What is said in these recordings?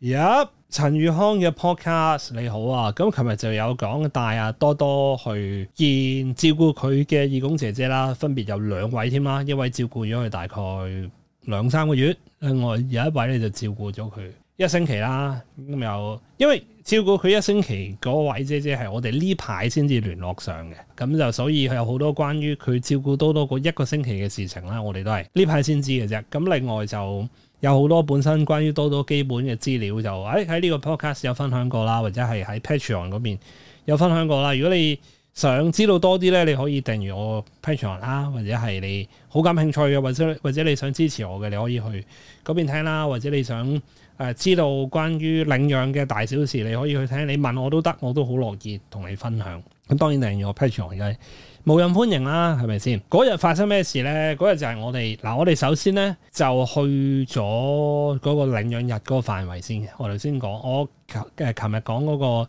入、yep，陳宇康嘅 podcast，你好啊！咁琴日就有講帶阿多多去見照顧佢嘅義工姐姐啦，分別有兩位添啦，一位照顧咗佢大概兩三個月，另外有一位咧就照顧咗佢一星期啦。咁又因為照顧佢一星期嗰位姐姐係我哋呢排先至聯絡上嘅，咁就所以佢有好多關於佢照顧多多嗰一個星期嘅事情啦，我哋都係呢排先知嘅啫。咁另外就。有好多本身關於多多基本嘅資料就喺喺呢個 podcast 有分享過啦，或者係喺 Patreon 嗰邊有分享過啦。如果你想知道多啲呢，你可以訂閱我 Patreon 啦，或者係你好感興趣嘅，或者或者你想支持我嘅，你可以去嗰邊聽啦。或者你想誒知道關於領養嘅大小事，你可以去聽。你問我都得，我都好樂意同你分享。咁當然係我 patron 而家無任歡迎啦，係咪先？嗰日發生咩事咧？嗰日就係我哋嗱，我哋首先咧就去咗嗰個領養日嗰個範圍先。我頭先講，我琴日講嗰個、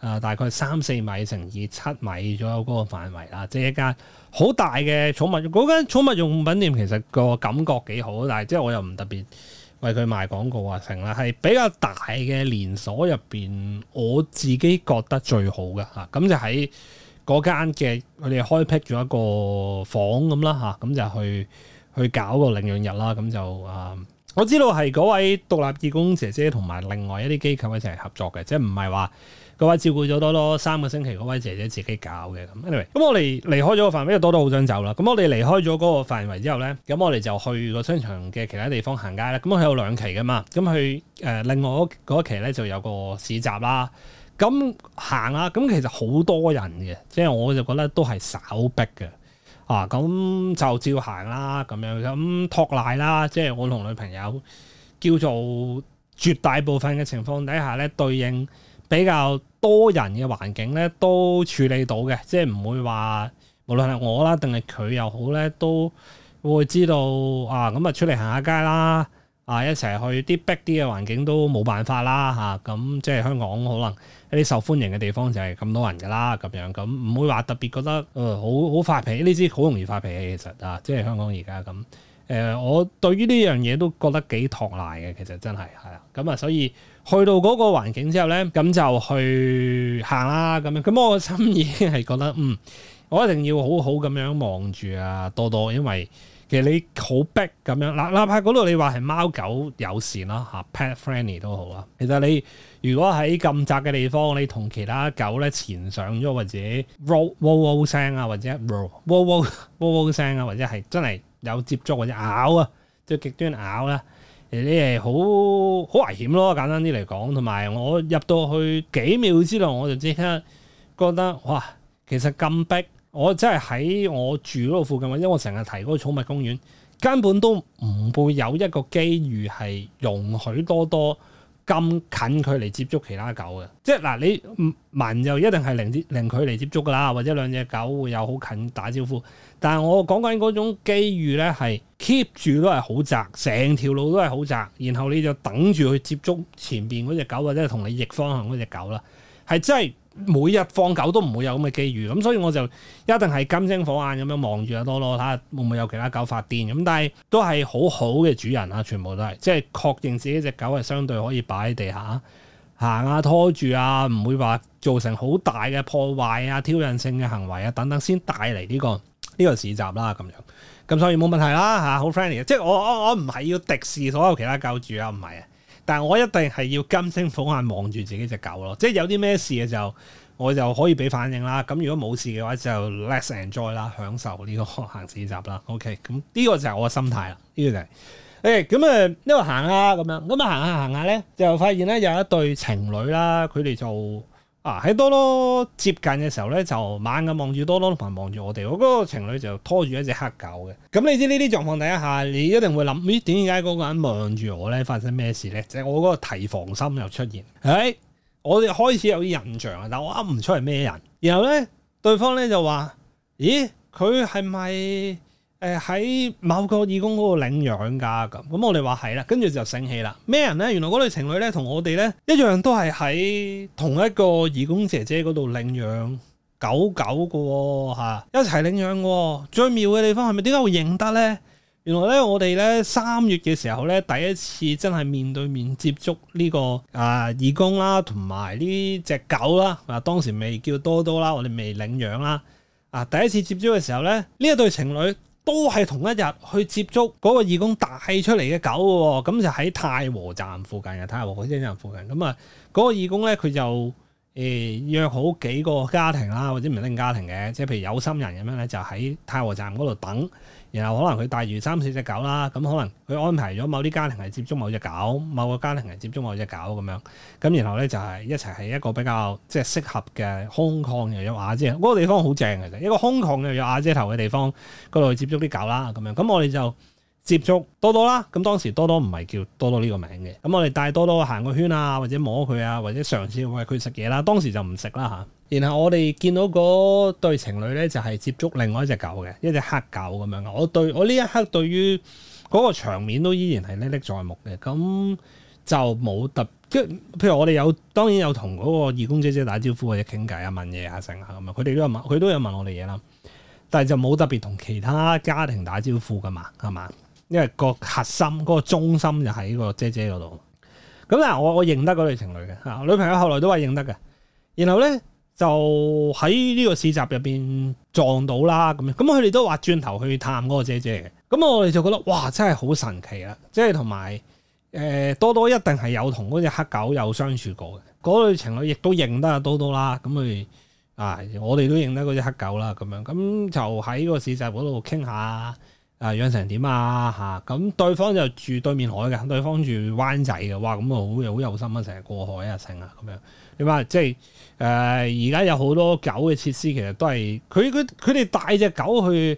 呃、大概三四米乘以七米左右嗰個範圍啦，即係一間好大嘅寵物嗰間寵物用品店，其實個感覺幾好，但係即係我又唔特別。為佢賣廣告啊，成啦，係比較大嘅連鎖入邊，我自己覺得最好嘅嚇，咁、啊、就喺嗰間嘅佢哋開闢咗一個房咁啦嚇，咁、啊啊、就去去搞個領養日啦，咁就啊～我知道係嗰位獨立義工姐姐同埋另外一啲機構一齊合作嘅，即係唔係話嗰位照顧咗多多三個星期嗰位姐姐自己搞嘅咁。Anyway，咁我哋離開咗個範圍，又多多好想走啦。咁我哋離開咗嗰個範圍之後咧，咁我哋就去個商場嘅其他地方行街啦。咁佢有兩期噶嘛，咁去誒，另外嗰一期咧就有個市集啦。咁行啦，咁其實好多人嘅，即係我就覺得都係手逼嘅。啊，咁就照行啦，咁樣咁托賴啦，即係我同女朋友叫做絕大部分嘅情況底下咧，對應比較多人嘅環境咧，都處理到嘅，即係唔會話無論係我啦，定係佢又好咧，都會知道啊，咁啊出嚟行下街啦。啊！一齊去啲逼啲嘅環境都冇辦法啦嚇，咁、啊嗯、即係香港可能一啲受歡迎嘅地方就係咁多人噶啦咁樣，咁、嗯、唔會話特別覺得誒好好發脾氣，呢啲好容易發脾氣其實啊，即係香港而家咁誒，我對於呢樣嘢都覺得幾托賴嘅其實真係係啊，咁、嗯、啊，所以去到嗰個環境之後咧，咁就去行啦咁樣，咁我嘅心已經係覺得嗯，我一定要好好咁樣望住啊多多，因為。其實你好逼咁樣，嗱，哪怕嗰度你話係貓狗友善啦嚇，pet friendly 都好啊。其實你如果喺咁窄嘅地方，你同其他狗咧纏上咗，或者 woa woa woa 聲啊，或者 woa woa woa woa 聲啊，或者係真係有接觸或者咬啊，即係極端咬啦，其實你係好好危險咯。簡單啲嚟講，同埋我入到去幾秒之內，我就即刻覺得哇，其實咁逼。我真係喺我住嗰度附近，或者我成日提嗰個寵物公園，根本都唔會有一個機遇係容許多多咁近佢嚟接觸其他狗嘅。即係嗱，你聞就一定係零之零距離接觸噶啦，或者兩隻狗會有好近打招呼。但係我講緊嗰種機遇呢，係 keep 住都係好窄，成條路都係好窄，然後你就等住去接觸前邊嗰隻狗，或者同你逆方向嗰隻狗啦，係真係。每日放狗都唔會有咁嘅機遇，咁所以我就一定係金睛火眼咁樣望住阿多咯，睇下會唔會有其他狗發癲，咁但係都係好好嘅主人啊，全部都係即係確認自己隻狗係相對可以擺喺地下行啊、拖住啊，唔會話造成好大嘅破壞啊、挑釁性嘅行為啊等等，先帶嚟呢個呢個市集啦咁樣，咁所以冇問題啦嚇，好 friendly，即係我我我唔係要敵視所有其他狗住啊，唔係啊。但係我一定係要金睛火眼望住自己隻狗咯，即係有啲咩事嘅時候，我就可以俾反應啦。咁如果冇事嘅話就 let's enjoy 啦，享受呢個行市集啦。OK，咁呢個就係我嘅心態啦。呢、這個就係、是、誒，咁、嗯、啊呢度行下咁樣，咁啊行下行下咧就發現咧有一對情侶啦，佢哋就。喺、啊、多多接近嘅時候咧，就猛咁望住多多同埋望住我哋。我、那、嗰個情侶就拖住一隻黑狗嘅。咁、嗯、你知呢啲狀況底下，你一定會諗咦？點解嗰個人望住我咧？發生咩事咧？即、就、係、是、我嗰個提防心又出現。誒、哎，我開始有啲印象啊，但係我噏唔出係咩人。然後咧，對方咧就話：咦，佢係咪？誒，喺某個義工嗰度領養噶咁，咁我哋話係啦，跟住就醒起啦，咩人咧？原來嗰對情侶咧，同我哋咧一樣都係喺同一個義工姐姐嗰度領養狗狗噶吓、哦啊，一齊領養嘅最妙嘅地方係咪？點解會認得咧？原來咧，我哋咧三月嘅時候咧，第一次真係面對面接觸呢、這個啊、呃、義工啦、啊，同埋呢隻狗啦、啊，嗱當時未叫多多啦，我哋未領養啦、啊，啊第一次接觸嘅時候咧，呢一對情侶。都係同一日去接觸嗰個義工帶出嚟嘅狗喎，咁就喺太和站附近嘅太和海車站附近，咁啊嗰個義工呢，佢就。誒約好幾個家庭啦，或者唔一定家庭嘅，即係譬如有心人咁樣咧，就喺太和站嗰度等，然後可能佢帶住三四隻狗啦，咁可能佢安排咗某啲家庭係接觸某隻狗，某個家庭係接觸某隻狗咁樣，咁然後咧就係一齊係一個比較即係適合嘅空曠又有瓦遮嗰個地方好正嘅，一個空曠又有瓦遮頭嘅地方，嗰度去接觸啲狗啦咁樣，咁我哋就。接觸多多啦，咁當時多多唔係叫多多呢個名嘅，咁我哋帶多多行個圈啊，或者摸佢啊，或者嘗試餵佢食嘢啦，當時就唔食啦吓。然後我哋見到嗰對情侶咧，就係接觸另外一隻狗嘅，一隻黑狗咁樣。我對我呢一刻對於嗰個場面都依然係歷歷在目嘅，咁就冇特即係譬如我哋有，我有當然有同嗰個義工姐姐打招呼、或者傾偈啊、問嘢啊、剩啊咁樣，佢哋都有問佢都有問我哋嘢啦，但係就冇特別同其他家庭打招呼噶嘛，係嘛？因為個核心嗰、嗰個中心就喺個姐姐嗰度，咁嗱我我認得嗰對情侶嘅吓，女朋友後來都話認得嘅，然後咧就喺呢個市集入邊撞到啦咁樣，咁佢哋都話轉頭去探嗰個姐姐嘅，咁我哋就覺得哇真係好神奇啊！即係同埋誒多多一定係有同嗰隻黑狗有相處過嘅，嗰對情侶亦、啊、都認得阿多多啦，咁佢啊我哋都認得嗰隻黑狗啦，咁樣，咁就喺個市集嗰度傾下。啊，養成點啊嚇！咁、啊、對方就住對面海嘅，對方住灣仔嘅。哇，咁啊好好有心啊！成日過海啊，成啊咁樣點啊！即係誒，而、呃、家有好多狗嘅設施，其實都係佢佢佢哋帶隻狗去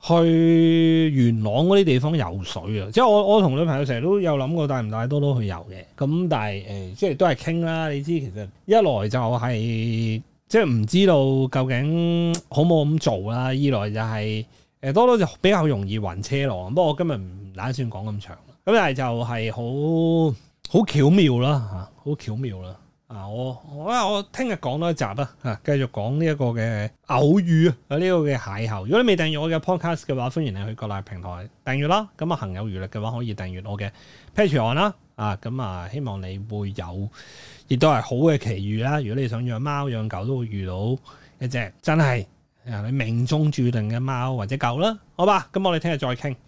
去元朗嗰啲地方游水啊！即係我我同女朋友成日都有諗過帶唔帶多多去遊嘅。咁但係誒、呃，即係都係傾啦。你知其實一來就係、是、即係唔知道究竟好唔好咁做啦；二來就係、是。誒多多就比較容易暈車浪，不過我今日唔打算講咁長啦。咁但係就係好好巧妙啦嚇，好巧妙啦。啊我我啊我聽日講多一集啦嚇、啊，繼續講呢一個嘅偶遇啊呢、呢個嘅邂逅。如果你未訂閱我嘅 podcast 嘅話，歡迎你去各大平台訂閱啦。咁、嗯、啊，行有餘力嘅話，可以訂閱我嘅 Patreon 啦。啊咁啊、嗯，希望你會有亦都係好嘅奇遇啦。如果你想養貓養狗，都會遇到一隻真係，你命中注定嘅貓或者狗啦，好吧？咁我哋聽日再傾。